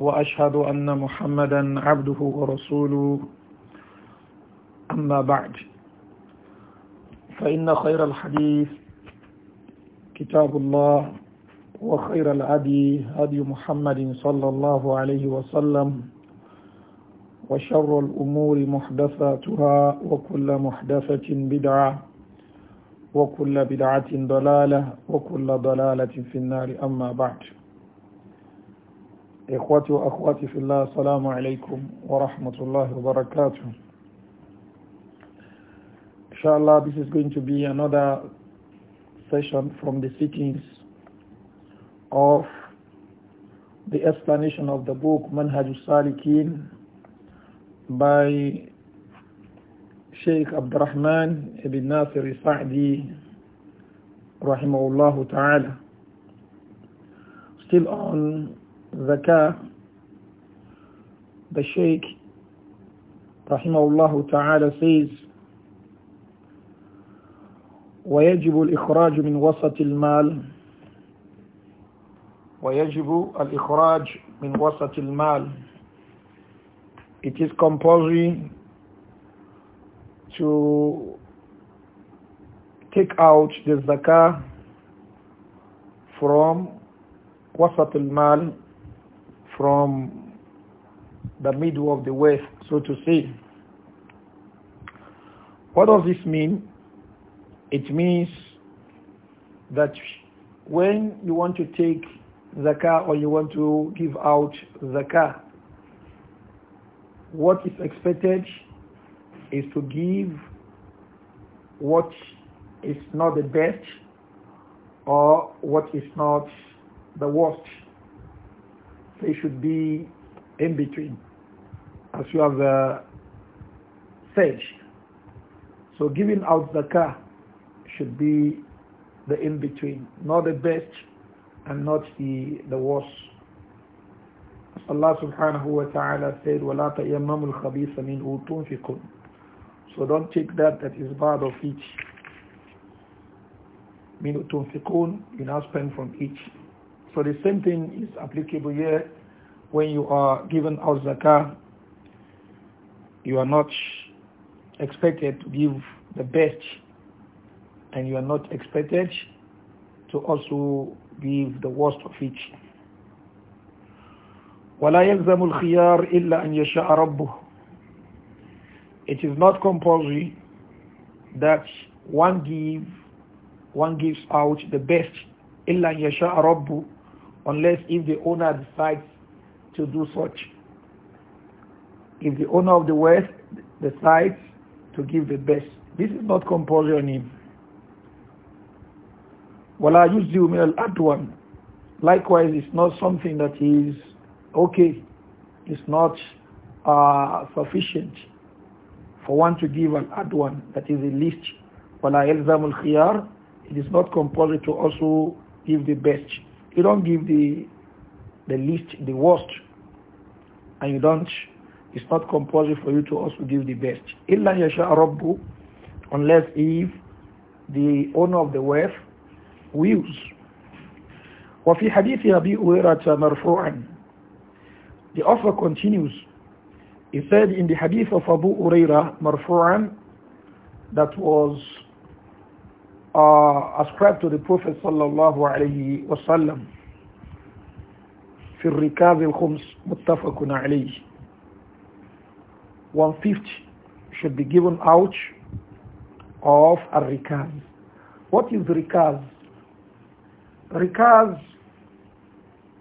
وأشهد أن محمدا عبده ورسوله أما بعد فإن خير الحديث كتاب الله وخير الأدي هدي محمد صلى الله عليه وسلم وشر الأمور محدثاتها وكل محدثة بدعة وكل بدعة ضلالة وكل ضلالة في النار أما بعد إخوتي وأخواتي في الله السلام عليكم ورحمة الله وبركاته Inshallah, this is going to be another session from the sittings of the explanation of the book Manhaj Salikin by Sheikh Abdurrahman ibn Nasir Sa'di rahimahullah ta'ala. Still on zakah, the Sheikh, rahimahullah ta'ala says, ويجب الإخراج من وسط المال ويجب الإخراج من وسط المال It is compulsory to take out the zakah from wasat al-mal from the middle of the West, so to say. What does this mean? It means that when you want to take zakah or you want to give out zakah, what is expected is to give what is not the best or what is not the worst they should be in between, as you have uh, said. So giving out zakah should be the in-between, not the best and not the, the worst. Allah subhanahu wa ta'ala said, وَلَا تَيَمَّمُ الْخَبِيثَ مِنْهُ So don't take that that is bad of each. مِنْهُ تُنْفِقُونَ You now spend from each. So the same thing is applicable here when you are given out zakah. You are not expected to give the best and you are not expected to also give the worst of it. ولا يلزم الخيار إلا أن يشاء ربه It is not compulsory that one give one gives out the best إلا أن يشاء ربه unless if the owner decides to do such. If the owner of the West decides to give the best, this is not compulsory on him. use the add one. Likewise, it's not something that is okay. It's not uh, sufficient for one to give an adwan, that is a list. I يَلْزَمُ الْخِيَارِ It is not compulsory to also give the best. You don't give the the least, the worst, and you don't. It's not compulsory for you to also give the best. Illa unless if the owner of the wealth wills. وفي حديث أبي هريرة مرفوعا The offer continues. He said in the hadith of Abu Uraira مرفوعا that was uh, ascribed to the Prophet sallallahu alayhi wasallam sallam في al الخمس muttafaqun عليه one fifth should be given out of a rikaz. What is rikaz? Rikaz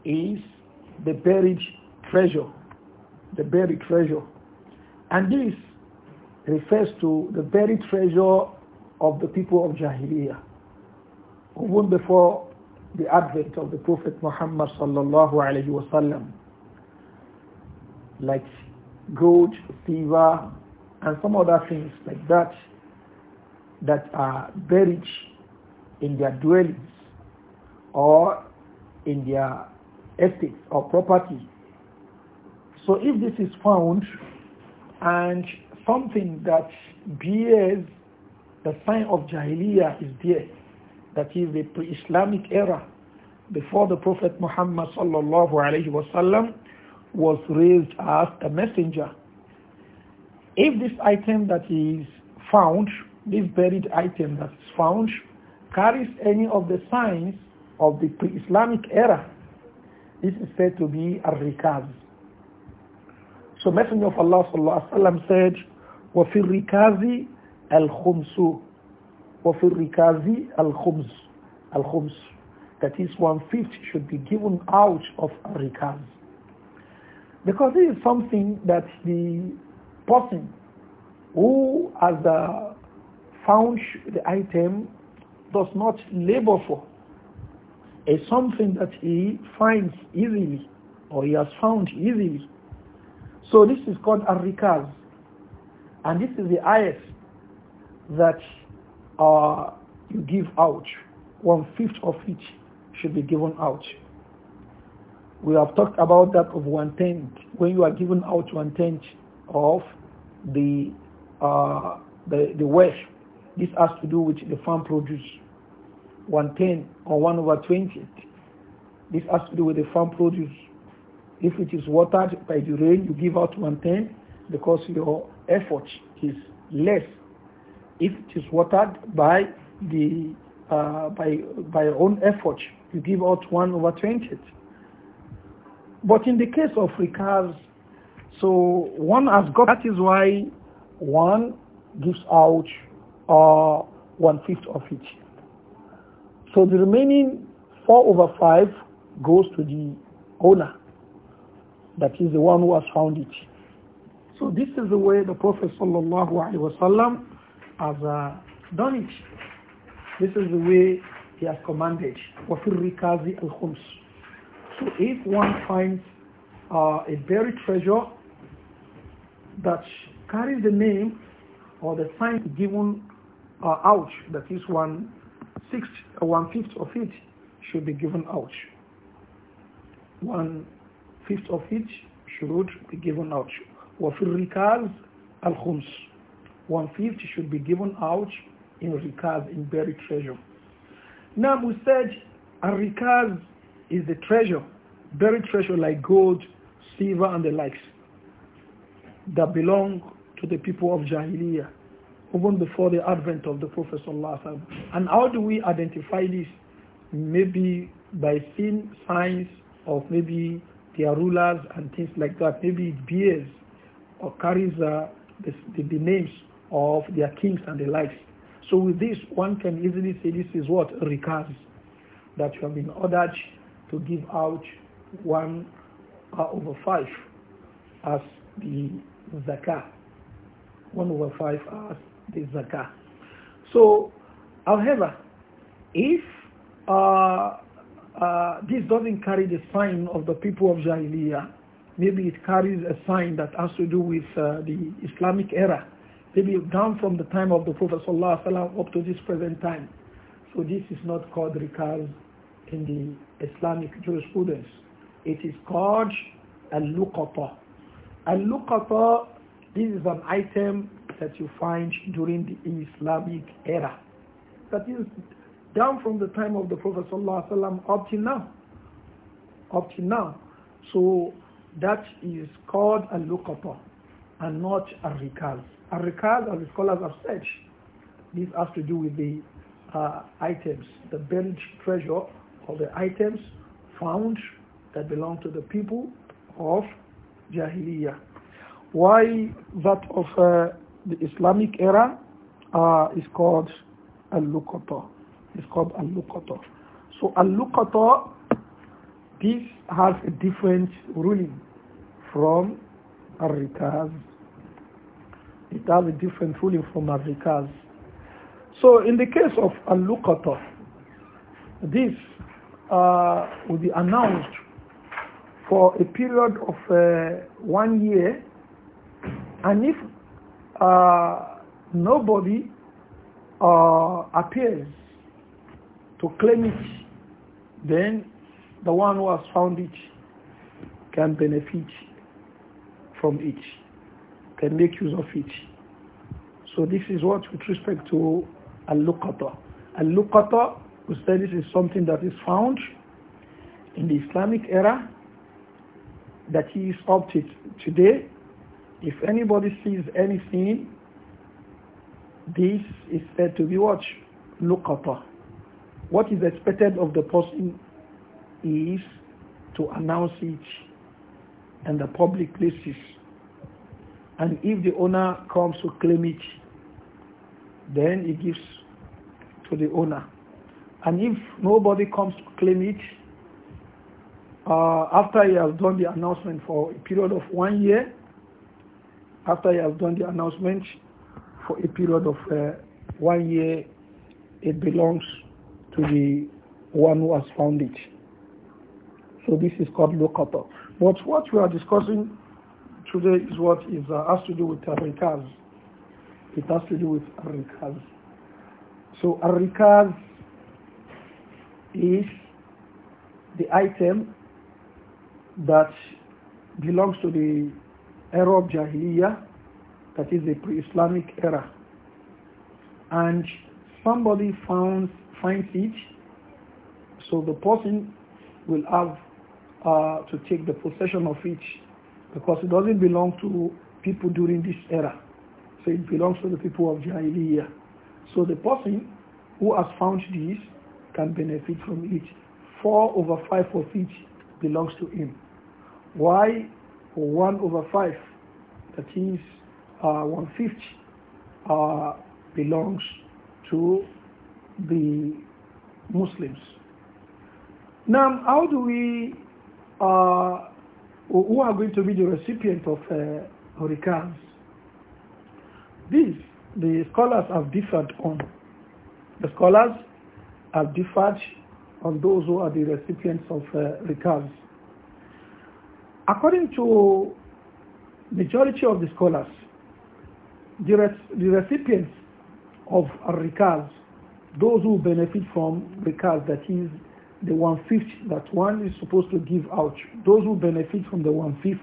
is the buried treasure, the buried treasure. And this refers to the buried treasure of the people of Jahiliyyah, even before the advent of the Prophet Muhammad sallallahu alayhi wasallam, like gold, silver, and some other things like that that are buried in their dwellings or in their estates or property. So if this is found and something that bears the sign of Jahiliyyah is there. That is the pre-Islamic era before the Prophet Muhammad sallallahu alayhi wasallam was raised as a messenger. If this item that is found, this buried item that is found, carries any of the signs of the pre-Islamic era, this is said to be a rikaz So Messenger of Allah sallallahu alayhi wa sallam said, وَفِي الرِّكَازِ الخمس وفي الركاز الخمس الخمس that is one fifth should be given out of a rikaz because this is something that the person who has uh, found the item does not labor for is something that he finds easily or he has found easily. So this is called a rikaz. And this is the highest that uh, you give out, one-fifth of it should be given out. We have talked about that of one-tenth. When you are given out one-tenth of the, uh, the, the wealth, this has to do with the farm produce. One-tenth or one over twenty. This has to do with the farm produce. If it is watered by the rain, you give out one-tenth because your effort is less if it is watered by the uh, by by your own effort, you give out one over twenty. But in the case of recurs, so one has got that is why one gives out uh, one fifth of it. So the remaining four over five goes to the owner. That is the one who has found it. So this is the way the Prophet sallallahu alaihi wasallam as a done it. This is the way he has commanded. So if one finds uh, a buried treasure that carries the name or the sign given uh, out, that is one sixth or uh, one fifth of it should be given out. One fifth of it should be given out. وَفِرِّكَازِ الْخُمْسِ 150 should be given out in rikaz, in buried treasure. Now we said a rikaz is the treasure, buried treasure like gold, silver and the likes that belong to the people of Jahiliyyah even before the advent of the Prophet And how do we identify this? Maybe by seeing signs of maybe their rulers and things like that. Maybe it bears or carries uh, the, the, the names of their kings and the likes. So with this, one can easily say this is what? recurs That you have been ordered to give out one uh, over five as the zakah. One over five as the zakah. So, however, if uh, uh, this doesn't carry the sign of the people of Jahiliyyah, maybe it carries a sign that has to do with uh, the Islamic era maybe down from the time of the Prophet ﷺ up to this present time. So this is not called rikaz in the Islamic jurisprudence. It is called al-luqata. Al-luqata, this is an item that you find during the Islamic era. That is down from the time of the Prophet ﷺ up to now. Up to now. So that is called al-luqata and not a rikaz Al-Rikaz, as the scholars have said, this has to do with the uh, items, the buried treasure or the items found that belong to the people of Jahiliyyah. Why that of uh, the Islamic era uh, is called Al-Luqata. It's called Al-Luqata. So Al-Luqata, this has a different ruling from al it has a different ruling from Azikaz. So in the case of Al-Luqatah, this uh, will be announced for a period of uh, one year and if uh, nobody uh, appears to claim it, then the one who has found it can benefit from it can make use of it. So this is what with respect to al-luqata. Al-luqata, we say this is something that is found in the Islamic era that is is opted today. If anybody sees anything, this is said to be what? Luqata. What is expected of the person is to announce it in the public places and if the owner comes to claim it, then he gives to the owner. And if nobody comes to claim it, uh, after he has done the announcement for a period of one year, after he has done the announcement for a period of uh, one year, it belongs to the one who has found it. So this is called locator. But what we are discussing today is what is uh, has to do with Rikaz. It has to do with Rikaz. So Rikaz is the item that belongs to the era of Jahiliyyah, that is the pre-Islamic era. And somebody found, finds it, so the person will have uh, to take the possession of it because it doesn't belong to people during this era. So it belongs to the people of Jahiliyyah. So the person who has found this can benefit from it. Four over five of it belongs to him. Why one over five, that is uh, one fifth, uh, belongs to the Muslims. Now, how do we uh, who are going to be the recipient of uh, hurricanes. This, the scholars have differed on. The scholars have differed on those who are the recipients of uh, hurricanes. According to majority of the scholars, the, the recipients of recalls, those who benefit from recalls, that is the one fifth that one is supposed to give out. Those who benefit from the one fifth,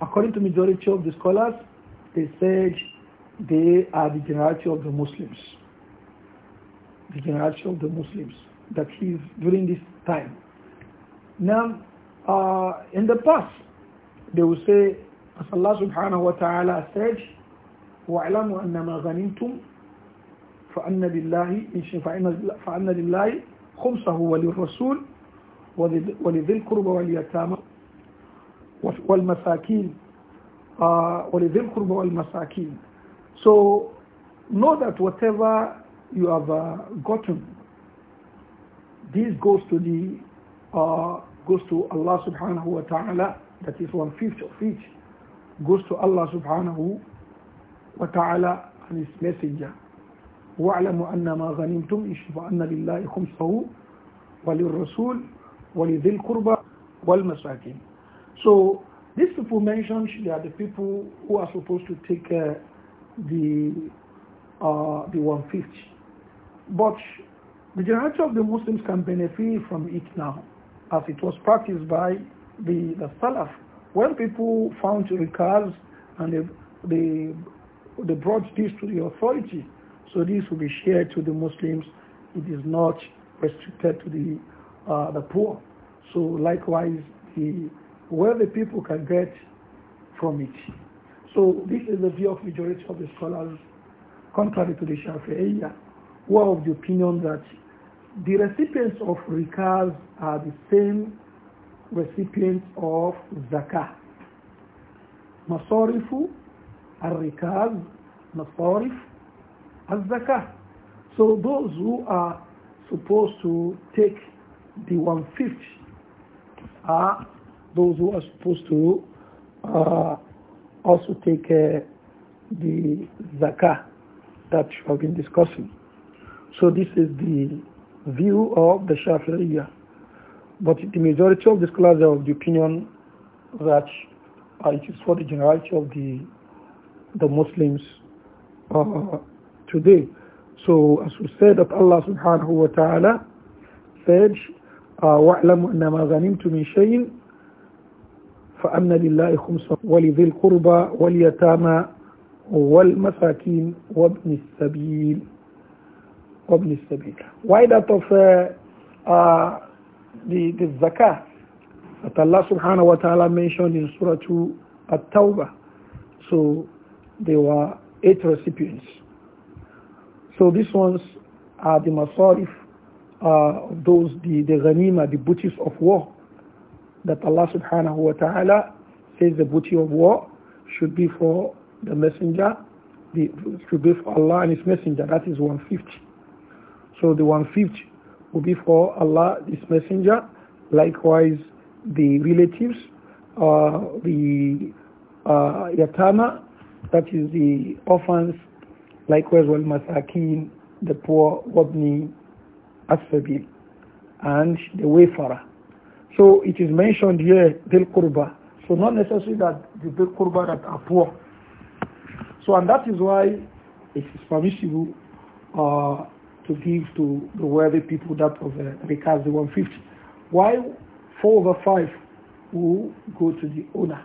according to majority of the scholars, they said they are the generality of the Muslims. The generality of the Muslims. That is during this time. Now, uh, in the past, they will say, as Allah subhanahu wa ta'ala said, وَاعْلَمُوا أَنَّمَا غَنِمْتُمْ فَأَنَّ لِلَّهِ فَأَنَّ لِلَّهِ خمسه وللرسول ولذي القربى واليتامى والمساكين ولذي القربى والمساكين so know that whatever you have uh, gotten this goes to the uh, goes to Allah subhanahu wa ta'ala that is one fifth of each goes to Allah subhanahu wa ta'ala and his messenger واعلموا أن ما غنمتم لله خمسه وللرسول ولذي والمساكين So these people mentioned they are the people who are supposed to take care the uh, the one fifth. But the generality of the Muslims can benefit from it now, as it was practiced by the, the Salaf. When people found recalls and they, they, they brought this to the authority, so this will be shared to the Muslims. It is not restricted to the, uh, the poor. So likewise, the the people can get from it. So this is the view of majority of the scholars, contrary to the Shafi'iyya, who are of the opinion that the recipients of rikaz are the same recipients of zakah. al rikaz مصارف so those who are supposed to take the one fifth are those who are supposed to uh, also take uh, the zakah that we have been discussing. So this is the view of the Shafi'iyah. But the majority of the scholars are of the opinion that uh, it is for the generality of the the Muslims uh, today. So as we said that Allah subhanahu wa ta'ala said, وَاعْلَمُوا أَنَّمَا غَنِمْتُ مِنْ شَيْءٍ فأن لله خمسة ولذي القربى واليتامى والمساكين وابن السبيل وابن السبيل Why that of uh, uh, the, the zakah that Allah subhanahu wa ta'ala mentioned in Surah 2 At-Tawbah. So there were eight recipients. So these ones are the masarif, uh, those, the, the ghanima, the booty of war, that Allah subhanahu wa ta'ala says the booty of war should be for the messenger, the, should be for Allah and his messenger, that is 150. So the 150 will be for Allah, his messenger, likewise the relatives, uh, the uh, yatama, that is the orphans likewise wal masakin the poor wabni as and the wayfarer so it is mentioned here bil qurba so not necessarily that the bil qurba that are poor so and that is why it is permissible uh, to give to the worthy people that of the uh, because the 150 why four over five who go to the owner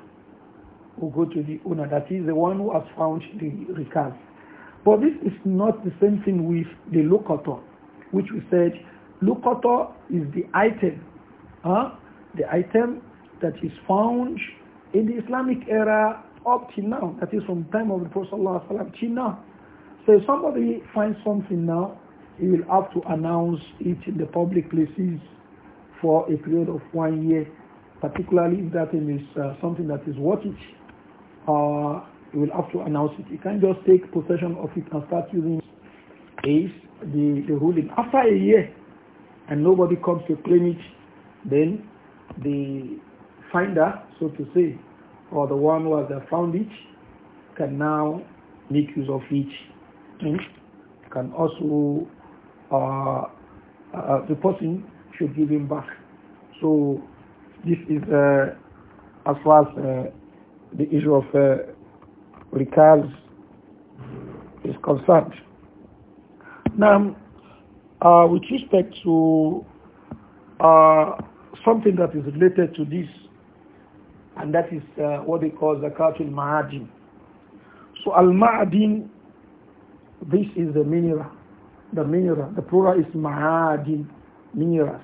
who go to the owner that is the one who has found the recurve but this is not the same thing with the locator, which we said locator is the item, huh? the item that is found in the Islamic era up till now, that is from the time of the Prophet ﷺ till now. So if somebody finds something now, he will have to announce it in the public places for a period of one year, particularly if that thing is uh, something that is worth it. Uh, you will have to announce it. You can't just take possession of it and start using it. the, the ruling. After a year and nobody comes to claim it, then the finder, so to say, or the one who has found it, can now make use of it. Mm. Can also, uh, uh, the person should give him back. So this is uh, as far as uh, the issue of uh, recalls is concerned. Now, uh, with respect to uh, something that is related to this, and that is uh, what they call zakatul ma'adin. So al this is the mineral, the mineral. The plural is ma'adin, minerals.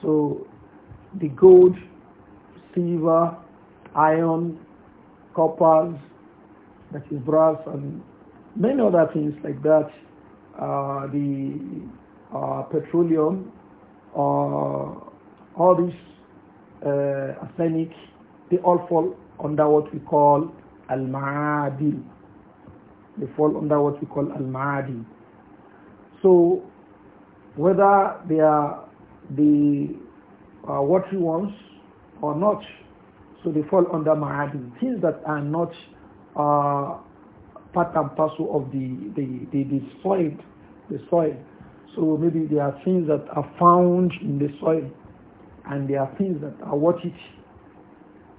So the gold, silver, iron, coppers, that is brass, and many other things like that. Uh, the uh, petroleum, uh, all these uh, arsenic, they all fall under what we call al-ma'adil. They fall under what we call al-ma'adil. So whether they are the uh, watery ones or not, so they fall under ma'adin, things that are not uh, part and parcel of the, the, the, the soil. The soil. So maybe there are things that are found in the soil and there are things that are what it.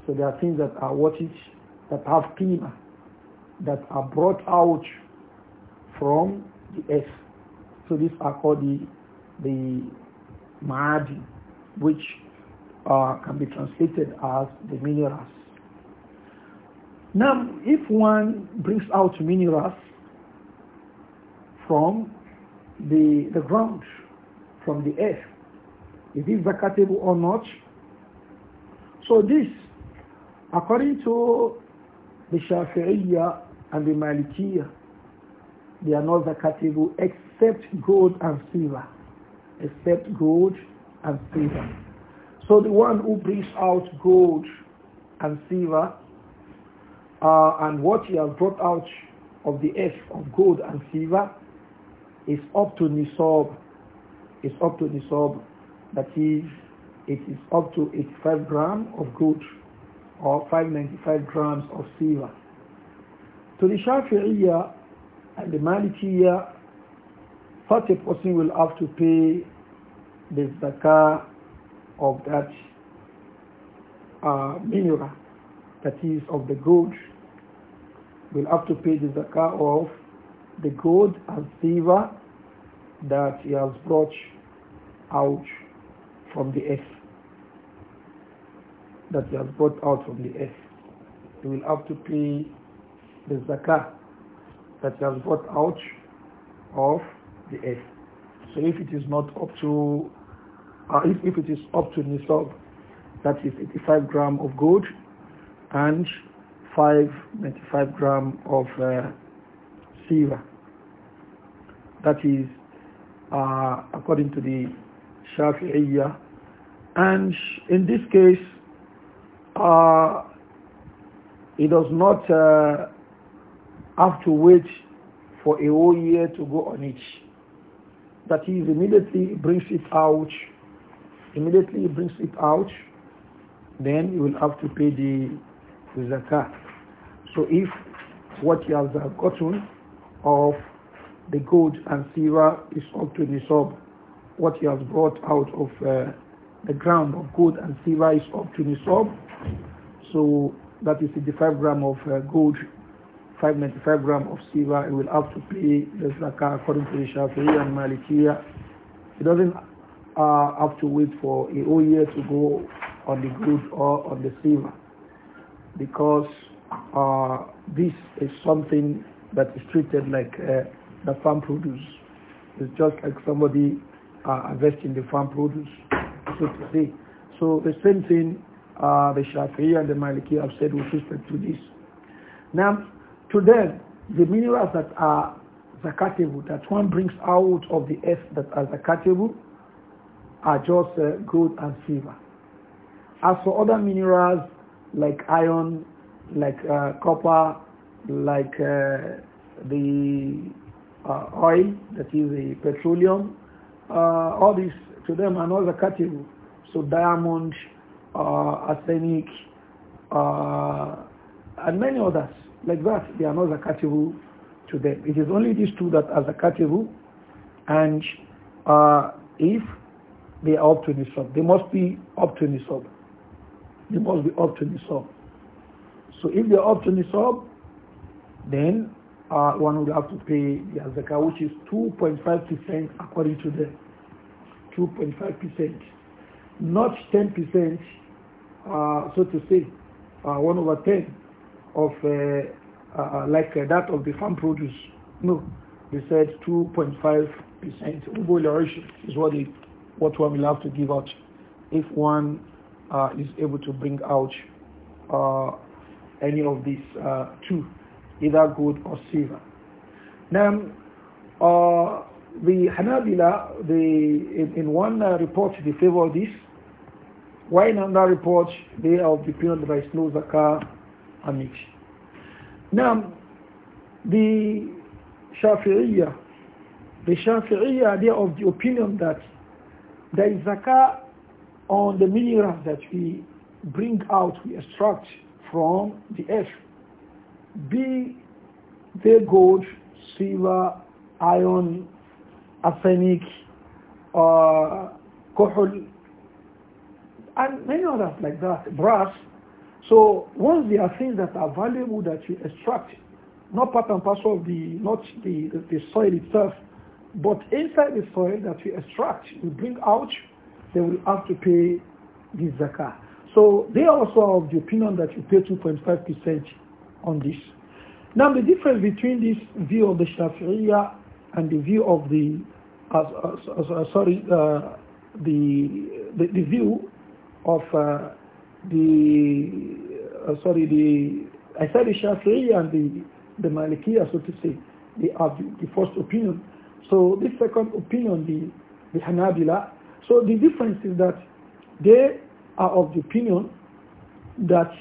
So there are things that are what it, that have came that are brought out from the earth. So these are called the, the ma'adi, which uh, can be translated as the minerals. Now, if one brings out minerals from the, the ground, from the earth, is it zakatable or not? So this, according to the Shafi'iyya and the Malikiyya, they are not zakatable except gold and silver. Except gold and silver. So the one who brings out gold and silver uh, and what he has brought out of the earth of gold and silver is up to Nisab. It's up to Nisab. That is, it is up to 85 grams of gold or 595 grams of silver. To the Shafi'iyya and the Malikiyya, such a person will have to pay the zakah of that uh, mineral, that is of the gold, will have to pay the zakah of the gold and silver that he has brought out from the earth. That he has brought out from the earth. He will have to pay the zakah that he has brought out of the earth. So if it is not up to uh, if, if it is up to nisab, that is 85 gram of gold and 595 gram of uh, silver. That is uh, according to the Shafi'iyya. And in this case, uh, it does not uh, have to wait for a whole year to go on it. That is, immediately brings it out immediately he brings it out, then you will have to pay the, the zakat. So if what he has gotten of the gold and silver is up to the sub, what he has brought out of uh, the ground of gold and silver is up to the sub, so that is 55 gram of uh, gold, 595 gram of silver, you will have to pay the zakat according to the Shafi'i and Malikiya. It doesn't uh, have to wait for a whole year to go on the good or on the silver because uh, this is something that is treated like uh, the farm produce. It's just like somebody uh, investing the farm produce, so to say. So the same thing uh, the Shafi'i and the Maliki have said with respect to this. Now, to them, the minerals that are zakatable, that one brings out of the earth that are zakatable, are just uh, gold and silver. As for other minerals like iron, like uh, copper, like uh, the uh, oil, that is the petroleum, uh, all these to them are not the category. So diamond, uh, arsenic, and many others like that, they are not zakatable to them. It is only these two that are zakatable and uh, if they are up to nisab. They must be up to nisab. They must be up to nisab. So if they are up to nisab, then uh, one would have to pay the zakah, which is 2.5% according to them. 2.5%. Not 10%, uh, so to say, uh, 1 over 10 of uh, uh, like uh, that of the farm produce. No, they said 2.5%. is what they what one will have to give out if one uh, is able to bring out uh, any of these uh, two, either gold or silver. Now, uh, the Hanabila, the, in, in one uh, report, they favor this, Why in another report, they are of the opinion that there is no zakah on it. Now, the Shafi'iyah, the Shafi'iyah, they are of the opinion that there is zakah on the minerals that we bring out, we extract from the earth. Be they gold, silver, iron, arsenic, uh, coal, and many others like that, brass. So once there are things that are valuable that you extract, not part and parcel of the, not the, the soil itself, but inside the soil that we extract, we bring out, they will have to pay this zakah. So they also are of the opinion that you pay 2.5% on this. Now the difference between this view of the Shafi'iyah and the view of the, uh, uh, uh, sorry, uh, the, the, the, view of uh, the, uh, sorry, the, I said the Shafi'iyah and the, the Malikiyah, so to say, they have the, the first opinion so this second opinion, the, the Hanabila, so the difference is that they are of the opinion that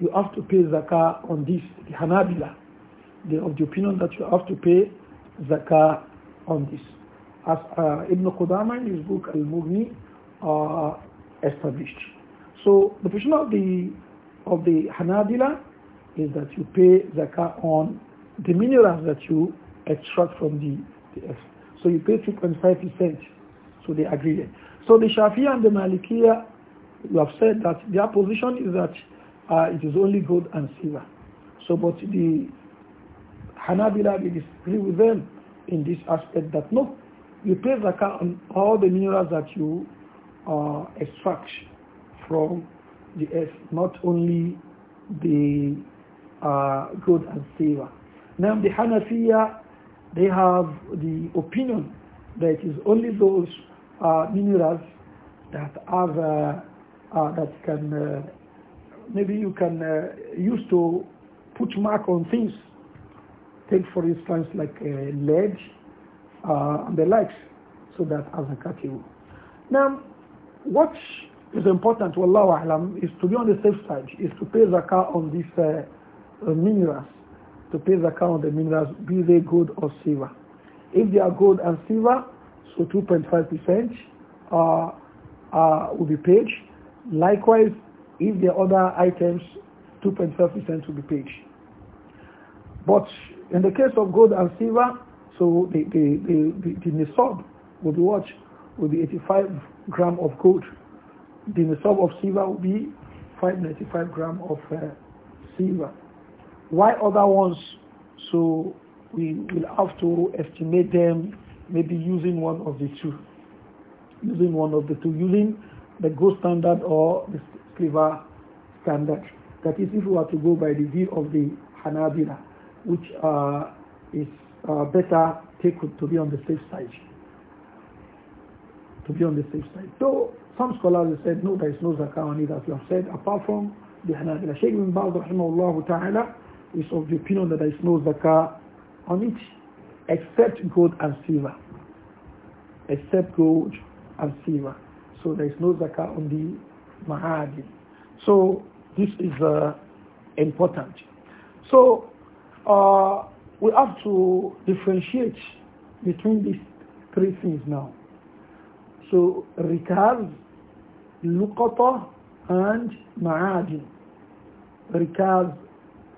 you have to pay zakah on this, the Hanabila. They are of the opinion that you have to pay zakah on this. As uh, Ibn Qudama in his book Al-Mughni uh, established. So the position of the of the Hanabila is that you pay zakah on the minerals that you extract from the, the earth. So you pay 2.5%. So they agree. So the Shafi'i and the Malikiya, you have said that their position is that uh, it is only gold and silver. So but the Hanabila, we disagree with them in this aspect that no, you pay zakah on all the minerals that you uh, extract from the earth, not only the uh, gold and silver. Now the Hanafiya they have the opinion that it is only those uh, minerals that have uh, uh, that can uh, maybe you can uh, use to put mark on things. Take for instance like uh, lead and the likes, so that as a category. Now, what is important, to Allah is to be on the safe side, is to pay zakah on these minerals to pay zakah on the minerals, be they gold or silver. If they are gold and silver, so 2.5% uh, uh, will be paid. Likewise, if there are other items, 2.5% will be paid. But in the case of gold and silver, so the, the, the, the, the nisab will be what? Will be 85 gram of gold. The nisab of silver will be 595 gram of uh, silver. Why other ones? So we will have to estimate them maybe using one of the two. Using one of the two, using the gold standard or the silver standard. That is, if we are to go by the view of the Hanabila, which uh, is uh, better taken to be on the safe side. To be on the safe side. So some scholars have said, no, there is no zakah on it, as you have said, apart from the Hanabila. Shaykh bin Baz, rahimahullah ta'ala, is of the opinion that there is no zakah on it, except gold and silver. Except gold and silver. So there is no zakah on the mahadi. So this is uh, important. So uh, we have to differentiate between these three things now. So rikal, lukata, and ma'adin. Rikaz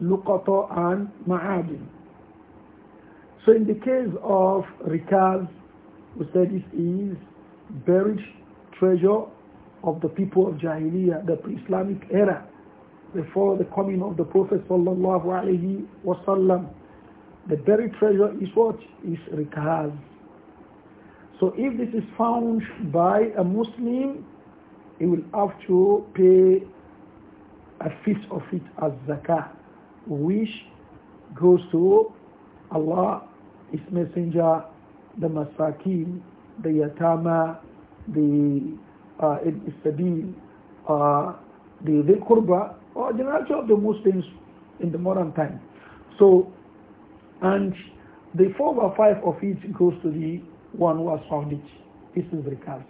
Luqata and Ma'adin. So in the case of Rikaz, we said this is buried treasure of the people of Jahiliyyah, the pre-Islamic era, before the coming of the Prophet sallallahu alaihi wasallam. The buried treasure is what? Is Rikaz. So if this is found by a Muslim, he will have to pay a fifth of it as zakah which goes to Allah, His Messenger, the Masakin, the Yatama, the uh, Ibn Sabil, uh, the Dhil Qurba, or the nature of the Muslims in the modern time. So, and the four or five of it goes to the one who has found it. This is the case.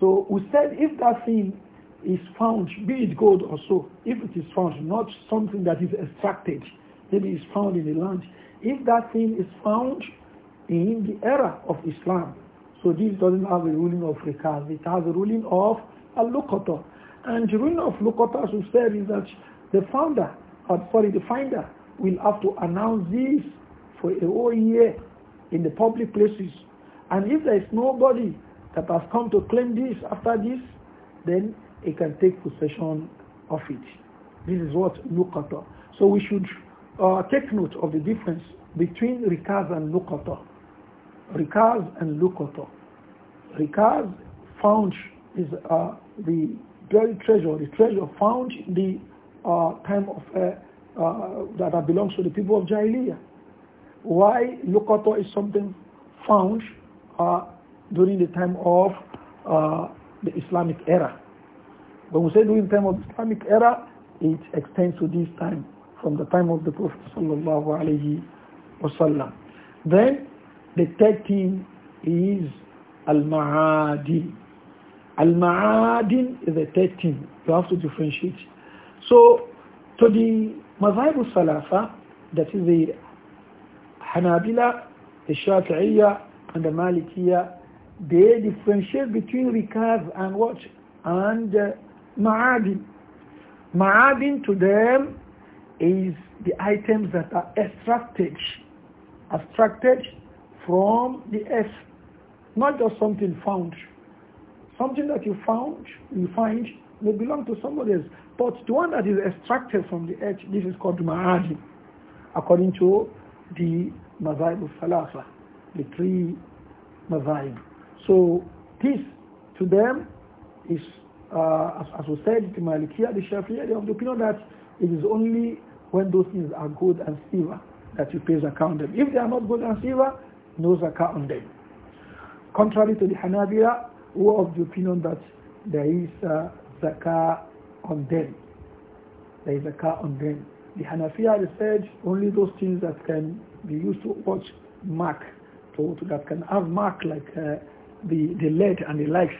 So we said if that thing is found, be it gold or so, if it is found, not something that is extracted, maybe is found in the land, if that thing is found in the era of Islam, so this doesn't have a ruling of rikaz, it has a ruling of al-luqata. And the ruling of luqata, as we said, is that the founder, or uh, sorry, the finder, will have to announce this for a whole year in the public places. And if there is nobody that has come to claim this after this, then he can take possession of it. This is what nuqata. So we should uh, take note of the difference between rikaz and nuqata. Rikaz and nuqata. Rikaz found is uh, the buried treasure, the treasure found in the uh, time of uh, uh, that belongs to the people of Jahiliyyah. Why nuqata is something found uh, during the time of the Islamic era. But we said during the time of Islamic era, it extends to this time, from the time of the Prophet sallallahu alaihi wasallam. Then the third thing is al-ma'adin. Al-ma'adin is the third thing. You have to differentiate. So to the Mazhab Salafah, that is the Hanabila, the Shafi'iyya, and the Malikiyya, they differentiate between rikaz and what? And uh, ma'adin. Ma'adin to them is the items that are extracted, extracted from the earth, not just something found. Something that you found, you find, may belong to somebody else. But the one that is extracted from the earth, this is called ma'adin, according to the mazhab al-salafa, the three mazhab. So this to them is uh, as, as we said, the Malikiya, the Shafiya, they have the opinion that it is only when those things are gold and silver that you pay zakah on them. If they are not gold and silver, no zakah on them. Contrary to the Hanabiya, who are of the opinion that there is uh, zakah on them. There is zakah on them. The Hanafiya said only those things that can be used to watch mark, to, to that can have mark like uh, the, the lead and the likes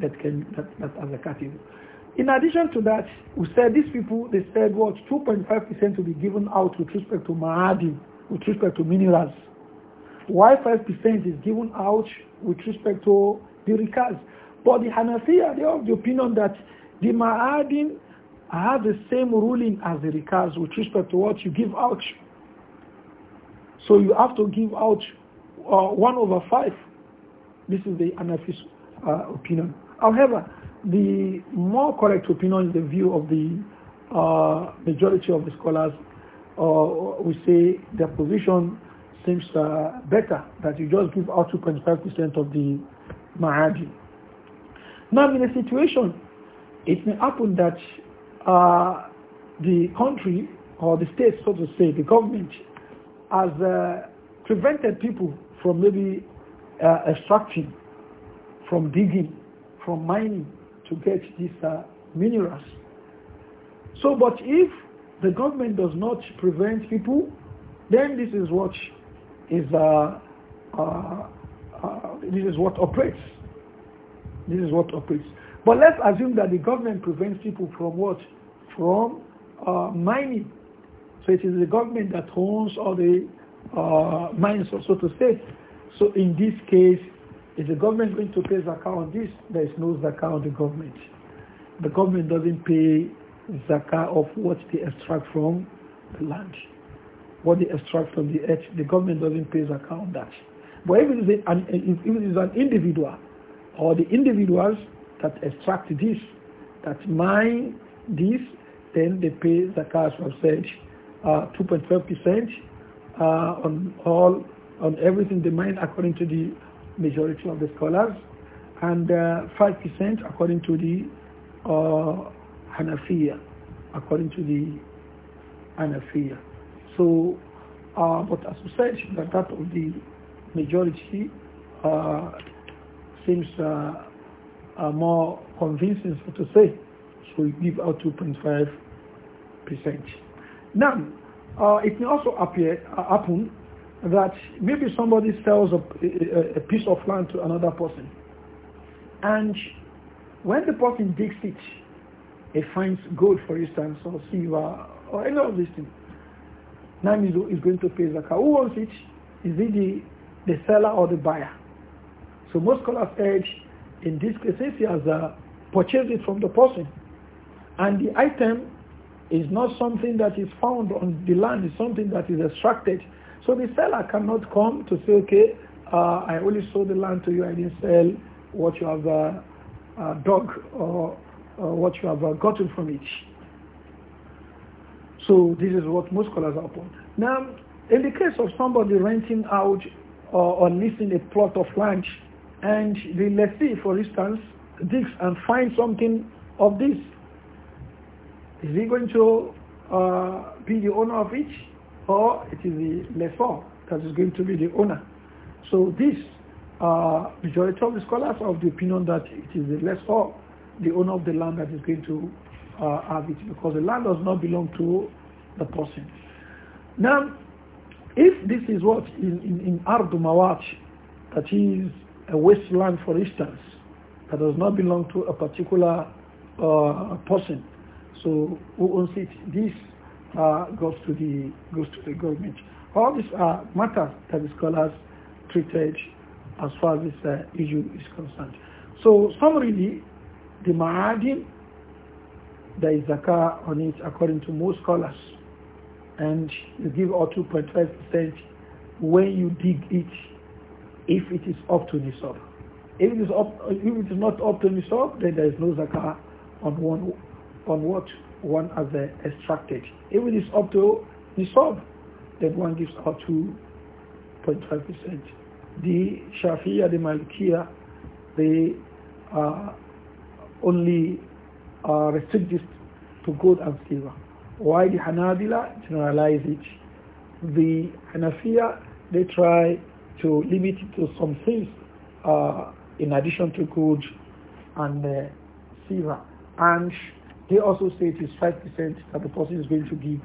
that can that, that a zakatable. In addition to that, we said these people they said what 2.5 percent to be given out with respect to Mahadi, with respect to minerals. Why 5 percent is given out with respect to the rikas? But the Hanafiya they the opinion that the mahadin have the same ruling as the rikas with respect to what you give out. So you have to give out uh, 1 over 5. This is the Hanafi's uh, opinion. However, the more correct opinion is the view of the uh, majority of the scholars. Uh, we say their position seems uh, better that you just give out 2.5% of the ma'adi. Now, in a situation, it may happen that uh, the country or the state, so to say, the government has uh, prevented people from maybe uh, extracting, from digging, from mining to get these uh, minerals. So, but if the government does not prevent people, then this is what is uh, uh, uh this is what operates. This is what operates. But let's assume that the government prevents people from what? From uh, mining. So it is the government that owns all the uh, mines, so to say. So in this case, is the government going to pay zakah on this? There is no zakah on the government. The government doesn't pay zakah of what they extract from the land. What they extract from the earth, the government doesn't pay zakah on that. But if it is an, if it is an individual or the individuals that extract this, that mine this, then they pay zakah, as I've said, 2.5% uh, uh, on all on everything they mine according to the majority of the scholars, and 5% uh, according to the uh, Hanafiya, according to the Hanafiya. So, uh, but as we said, that that of the majority uh, seems uh, uh more convincing, so to say. So we give out 2.5 percent. Now, uh, it may also appear, happen that maybe somebody sells a, a, a piece of land to another person. And when the person digs it, he finds gold, for instance, or silver, or any of these things. Now is, is going to pay zakah. Who wants it? Is it the, the seller or the buyer? So most scholars urge, in this case, he has uh, purchased it from the person, and the item is not something that is found on the land, it's something that is extracted so the seller cannot come to say, okay, uh, I only sold the land to you, I didn't sell what you have uh, uh, dug or, what you have uh, gotten from it. So this is what most scholars are upon. Now, in the case of somebody renting out or, or leasing a plot of land, and the lessee, for instance, digs and finds something of this, is he going to uh, be the owner of it? or it is the lessor that is going to be the owner. So this, uh, majority of the scholars are of the opinion that it is the lessor, the owner of the land that is going to uh, have it because the land does not belong to the person. Now, if this is what in, in, in Ardumawat, that is a wasteland for instance, that does not belong to a particular uh, person, so who owns it, this uh, goes to the goes to the government. All these are matters that the scholars treated as far as this uh, issue is concerned. So summarily, the ma'adin, there is zakah on it according to most scholars. And you give out 2.5% when you dig it, if it is up to nisab. If it is, up, if it is not up to nisab, then there is no zakah on one, on what? one has extracted. Even it's up to nisab, then one gives out 2.5%. The Shafiya, the Malikiya, they uh, only uh, restrict this to gold and silver. Why the Hanabila generalize it? The Hanafiya, they try to limit it to some things uh, in addition to gold and uh, silver. And they also say it is 5% that the person is going to give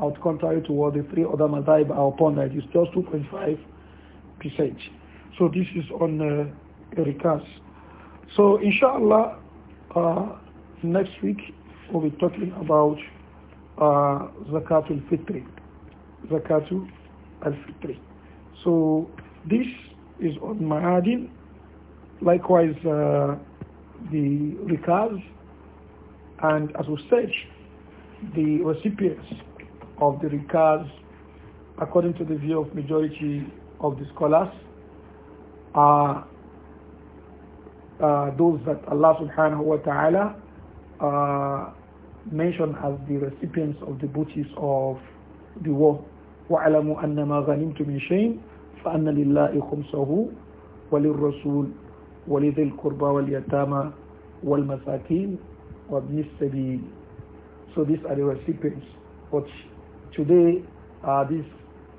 out contrary to what the three other madhaib are upon that is just 2.5%. So this is on uh, recast. So inshallah, uh, next week we'll be talking about uh, Zakatul Fitri. Zakatul Al-Fitri. So this is on Ma'adin. Likewise, uh, the Rikaz and as we said, the recipients of the rewards, according to the view of majority of the scholars, are uh, uh, those that Allah subhanahu wa ta'ala uh, mentioned as the recipients of the booty of the war. وَعَلَمُوا أَنَّ مَا غَنِمْتُ مِنْ شَيْءٍ فَأَنَّ لِلَّهِ خُمْسَهُ وللرسول ولذي القربى واليتامى والمساكين وَابْنِ السَّبِيلِ So these are the recipients. But today, uh, this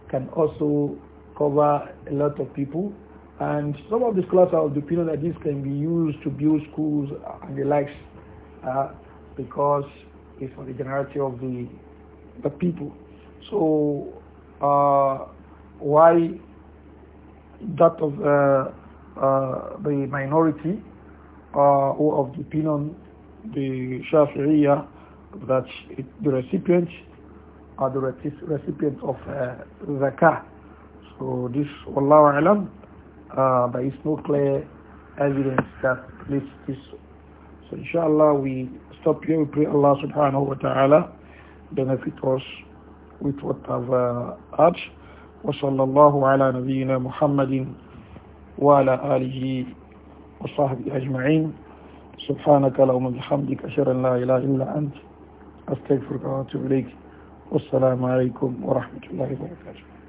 can also cover a lot of people. And some of the scholars are of the opinion that this can be used to build schools and the likes uh, because it's for the generality of the, the people. So uh, why that of uh, uh the minority uh, or of the opinion the Shafi'iyah that it, the recipients are the recipients of uh, zakah. So this, Wallahu Alam, uh, there is no clear evidence that this this. So inshallah we stop here. We pray Allah subhanahu wa ta'ala benefit us with what I've uh, heard. وصلى الله على نبينا محمد وعلى آله وصحبه أجمعين سبحانك اللهم بحمدك أشهد أن لا إله إلا أنت أستغفرك وأتوب إليك والسلام عليكم ورحمة الله وبركاته